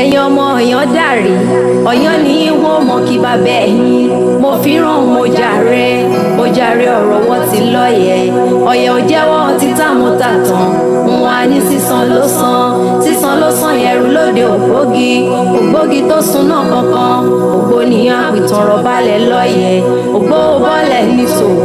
ẹ̀yin ọmọ èèyàn dàrí ọ̀yọ́ ní wọ́n mọ̀ kí bàbá ẹ̀yìn mo fi mo jàre mo jàre ọ̀rọ̀ wọn ti lọ́yẹ̀ ọ̀yẹ̀ ò jẹ́wọ́ ti tá mo tà wọn á ní sísan ló san sísan ló san ẹrù lóde ògbógi ògbógi tó sun náà kankan ògbó nìyàn àpìtàn rọ̀ balẹ̀ lọ́yẹ̀ ògbó bọ́lẹ̀ ní sòwò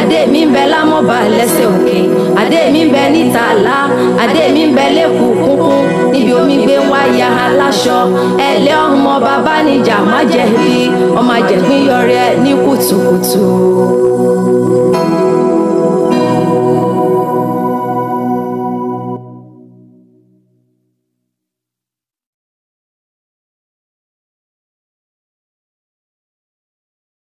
adé mi ń bẹ lámọ́ba lẹ́sẹ̀ òkè adé mi ń omi gbé wá ya aláṣọ ẹlẹ́ ọmọ bàbá níjà má jẹ̀bi ọmọ àjẹ̀gbín yọrẹ ní kùtùkùtù.